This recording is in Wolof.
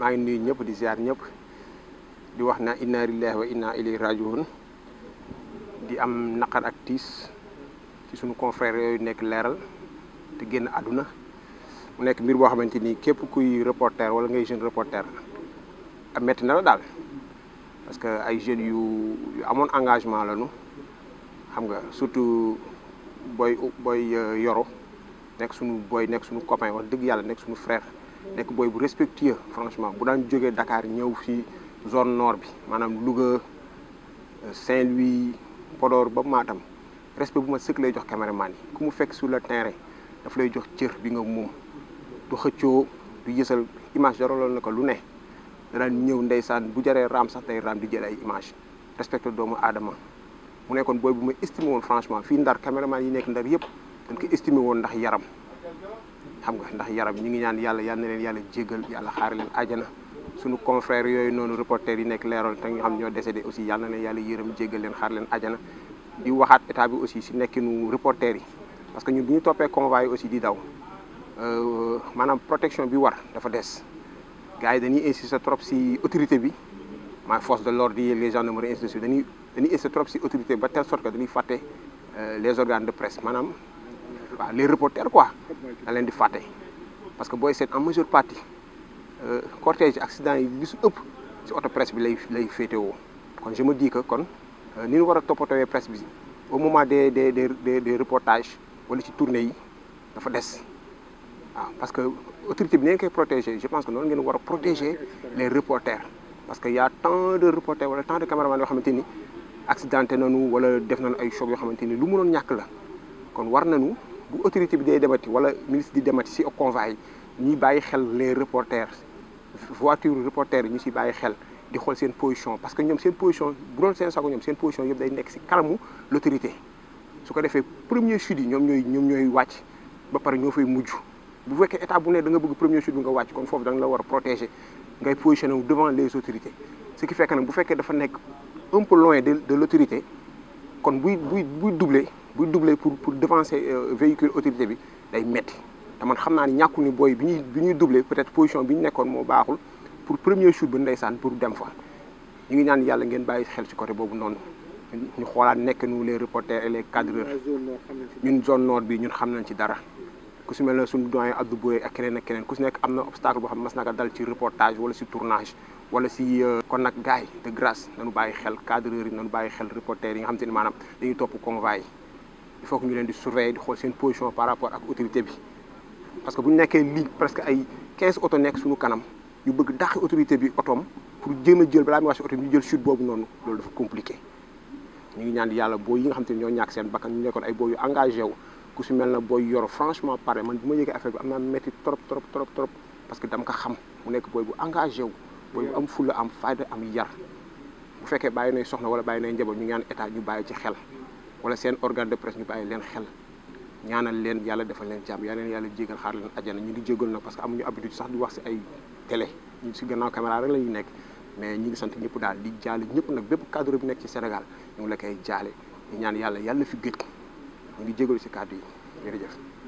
maa ngi nuyu ñëpp di ziar ñëpp di wax na inna lillahi wa inna ilayhi rajiun di am naqar ak tiis ci sunu confrère yooyu nekk aduna te génn àdduna mu nekk mbir képp kuy reporter wala ngay jeune reporter metti na la daal parce que ay yu yu amoon engagement lañu xam nga surtout boy boy euh, yoro nek sunu boy nekk sunu copain wax dëgg yàlla sunu frère nek boy bu respectueux franchement bu daan jógee Dakar ñew fi zone nord bi manam Louga euh, Saint-Louis Podor ba Matam respect bu ma sëkk lay jox cameraman yi ku mu fekk sur le terrain daf lay jox cër bi nga moom du xëccio du yësal image jaraloon na ko lu ne daan ñew ndeysaan bu jaré ram sax tay ram di jël ay image respect doomu adama mu nekkoon boy bu ma estimé won franchement fi ndar cameraman yi nekk ndar yépp dañ ko estimé won ndax yaram xam nga ndax yaram ñi ngi ñaan yàlla yal na leen yàlla jéggal yàlla xaar leen ajana suñu confrère yooyu noonu reporter yi nekk leeral te nga xam ñoo décédé aussi yal na leen yàlla yërëm jéggal leen xaar leen ajana di waxaat état bi aussi si nekkinu reporter yi parce que ñun bu ñu toppee convoi yi aussi di daw euh, maanaam protection bi war dafa des gars yi dañuy insister trop si autorité bi maay force de l'ordre yi les gendarmeries ainsi de suite dañuy dañuy insister trop si autorité bi ba telle sorte que dañuy fàtte euh, les organes de presse maanaam waaw les reporters quoi da leen di fàtte parce que booy seet en majeure partie euh, cortège accident yi li su ëpp si oto presse bi lay lay féetewoo kon je me dis que kon euh, ni ñu war a toppatooyee presse bi au moment des des des des reportages wala ci tournée yi dafa des waaw ah, parce que autorité bi ni koy protéger je pense que noonu ngeen war a protéger les reporters parce que y' a tant de reporters wala tant de caméramans yoo xamante ni accidenté nañu wala def nañu ay choc yoo xamante ni lu mënoon ñàkk la kon war nañu. L'autorité autorité bi day ministre di si convoi ni les reporters voiture reporters ni position parce que avons une position position day a l' premier chute nous avons ba bu premier chute devant les autorités ce qui fait que un peu loin de l'autorité, kon buy buy buy doubler buy doubler pour pour devancer euh, véhicule autorité bi day metti te man xam ni ñakku ni boy biñuy biñuy bi doubler peut-être position biñu ñu mo baaxul pour premier shoot bu ndeysaan pour dem fa ñu ngi ñaan yalla ngeen bayyi xel ci côté bobu non ñu xolaat nekk nu les reporters et les cadreurs ñun zone nord bi ñun xam nañ ci dara ku si mel ne suñu doyen Abdou Boye ak keneen ak keneen ku si nekk am na obstacle boo xam ne mas naka dal ci reportage wala si tournage wala si euh, kon nak gaay de grâce nañu bàyyi xel cadreur yi nañu bàyyi xel reporter yi nga xam te ni dañuy top convoy il faut que ñu leen di surveiller di xool seen position par rapport ak autorité bi parce que bu ñu nekkee ligne presque ay 15 auto nekk suñu kanam yu bëgg dàq autorité bi otom pour jéem a jël balaa muy wax si oto bi ñu jël chute boobu noonu loolu dafa compliqué ñu ngi ñaan di yàlla booy yi nga xam te ne ñoo ñàkk seen bakkan ñu nekkoon ay booy yu engagé wu ku si mel na booy yoro franchement pare man bu ma yëgee affaire bi am naa métti trop trop trop trop parce que dama ko xam mu nekk booy bu engagé wu mooy am fulla am fayda am yar bu fekkee bàyyi nay soxna wala bàyyi nay njaboot ñu ñaan état ñu bàyyi ci xel wala seen organe de presse ñu bàyyi leen xel ñaanal leen yàlla defal leen jàmm yal yàlla jégal xaar leen ajana ñu ngi jégal nag parce que ñu habitude sax di wax si ay télé ñu si gannaaw caméra rek la ñuy nekk mais ñu ngi sant ñëpp daal di jaale ñëpp nag bépp cadre bi nekk ci Sénégal ñu ngi la koy jaale ñu ñaan yàlla yàlla fi gëj ñu ngi jégalu si cadre yi jërëjëf